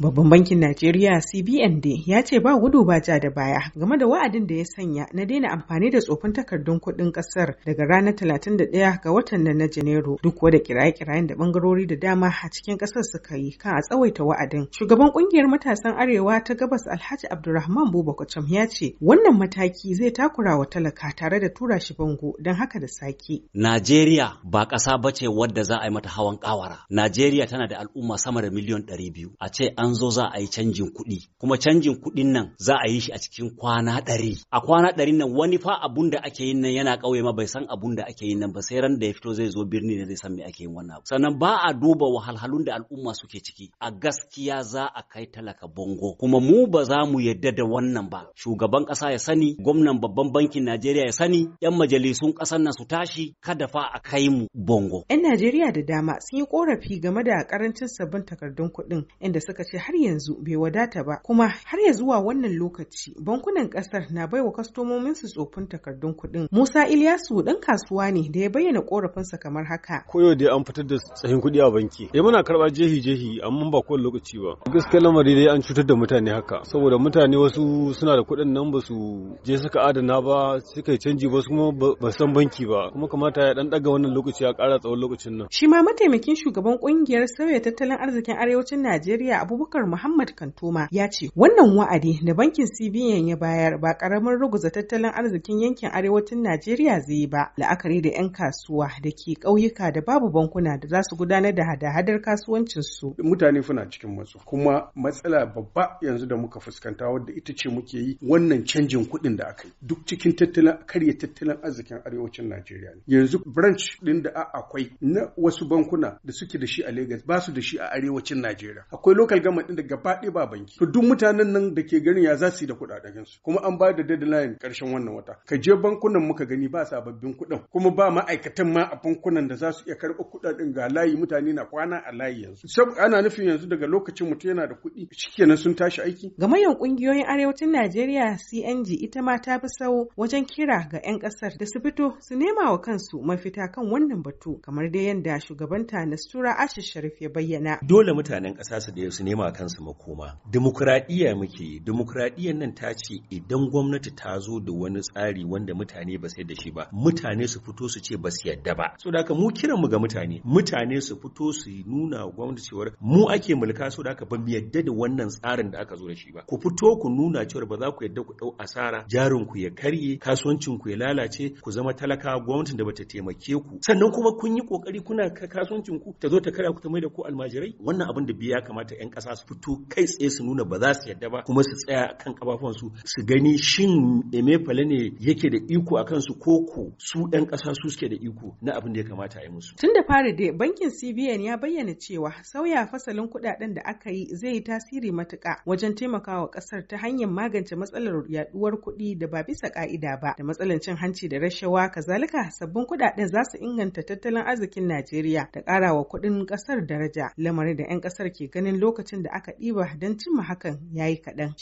Babban bankin Najeriya CBND ya ce ba gudu ba ja da baya game da wa'adin da ya sanya na daina amfani da tsofin takardun kuɗin ƙasar daga ranar 31 ga watan nan na Janairu duk wada kiraye-kirayen da bangarori da dama a cikin ƙasar suka yi kan a tsawaita wa'adin. Shugaban ƙungiyar matasan Arewa ta Gabas Alhaji Abdulrahman Bubakwacham ya ce wannan mataki zai takura wa talaka tare da tura shi bango don haka da sake. Najeriya ba ƙasa ba ce wadda za a yi mata hawan ƙawara. Najeriya tana da al'umma sama da miliyon ɗari biyu. A ce an an zo za a yi canjin kuɗi kuma canjin kuɗin nan za a yi shi a cikin kwana ɗari a kwana ɗari nan wani fa abun da ake yin nan yana ƙauye ma bai san abun da ake yin nan ba sai ran da ya fito zai zo birni ne zai san me ake yin wannan abu sannan ba a duba wahalhalun da al'umma suke ciki a gaskiya za a kai talaka bongo kuma mu ba za mu yadda da wannan ba shugaban ƙasa ya sani gwamnan babban bankin Najeriya ya sani yan majalisun ƙasar nan su tashi kada fa a kai mu bongo yan Najeriya da dama sun yi korafi game da karancin sabbin takardun kuɗin inda suka ce da har yanzu bai wadata ba kuma har ya zuwa wannan lokaci bankunan kasar na baiwa kwastomomin su tsofin takardun kuɗin. Musa Ilyasu dan kasuwa ne da ya bayyana korafinsa kamar haka. Koyo dai an fitar da tsahin kuɗi a banki. Eh muna karɓa jehi jehi amma ba kowane lokaci ba. Gaskiya lamari dai an cutar da mutane haka saboda mutane wasu suna da kuɗin nan ba su je suka adana ba suka yi canji ba kuma ba san banki ba kuma kamata ya dan daga wannan lokaci ya ƙara tsawon lokacin nan. Shi ma mataimakin shugaban kungiyar sauya tattalin arzikin arewacin Najeriya Abubakar Abubakar Muhammad Kantoma ya ce wannan wa'adi da bankin CBN ya bayar ba karamin ruguza tattalin arzikin yankin arewacin Najeriya zai ba la'akari da 'yan kasuwa da ke ƙauyuka da babu bankuna da za su gudanar da hada-hadar kasuwancin su. Mutane suna cikin matsu kuma matsala babba yanzu da muka fuskanta wadda ita ce muke yi wannan canjin kuɗin da aka yi duk cikin tattalin karya tattalin arzikin arewacin Najeriya ne. Yanzu branch ɗin da akwai na wasu bankuna da suke da shi a Legas ba su da shi a arewacin Najeriya. Akwai local gama din da gaba ɗaya ba banki to duk mutanen nan da ke garin ya za su yi da kuɗaɗen su kuma an ba da deadline ƙarshen wannan wata ka je bankunan muka gani ba sababbin kuɗin kuma ba ma'aikatan ma a bankunan da za su iya karɓar kuɗaɗen ga layi mutane na kwana a layi yanzu sab ana nufin yanzu daga lokacin mutum yana da kuɗi shikenan sun tashi aiki gamayyar kungiyoyin arewacin Najeriya CNG ita ma ta bi sau wajen kira ga 'yan ƙasar da su fito su nema wa kansu mafita kan wannan batu kamar dai yadda shugabanta Nastura Ashish Sharif ya bayyana dole mutanen ƙasa su da su nema nema kansa makoma demokradiyya muke yi demokradiyyar nan ta ce idan gwamnati ta zo da wani tsari wanda mutane ba sai da shi ba mutane su fito su ce ba su yadda ba so da mu kiran mu ga mutane mutane su fito su nuna gwamnati cewar mu ake mulka so da ba mu yarda da wannan tsarin da aka zo da shi ba ku fito ku nuna cewar ba za ku yadda ku dau asara jarin ku ya karye kasuwancin ku ya lalace ku zama talaka gwamnatin da bata taimake ku sannan kuma kun yi kokari kuna kasuwancin ku ta zo ta kara ku ta mai da ku almajirai wannan abin da biya kamata 'yan ƙasa sa su fito kai tsaye su nuna ba za su yadda ba kuma su tsaya kan kafafuwansu su Su gani shin emefale ne yake da iko a kansu ko ko su 'yan ƙasa su suke da iko na abin da ya kamata a yi musu. Tun da fari dai bankin CBN ya bayyana cewa sauya fasalin kudaden da aka yi zai yi tasiri matuka wajen taimakawa kasar ta hanyar magance matsalar yaɗuwar kuɗi da ba bisa ƙa'ida ba da matsalar cin hanci da rashawa kazalika sabbin kudaden za su inganta tattalin arzikin Najeriya da karawa kuɗin kasar daraja lamarin da 'yan kasar ke ganin lokacin da aka ɗiba don cimma hakan ya yi kaɗan.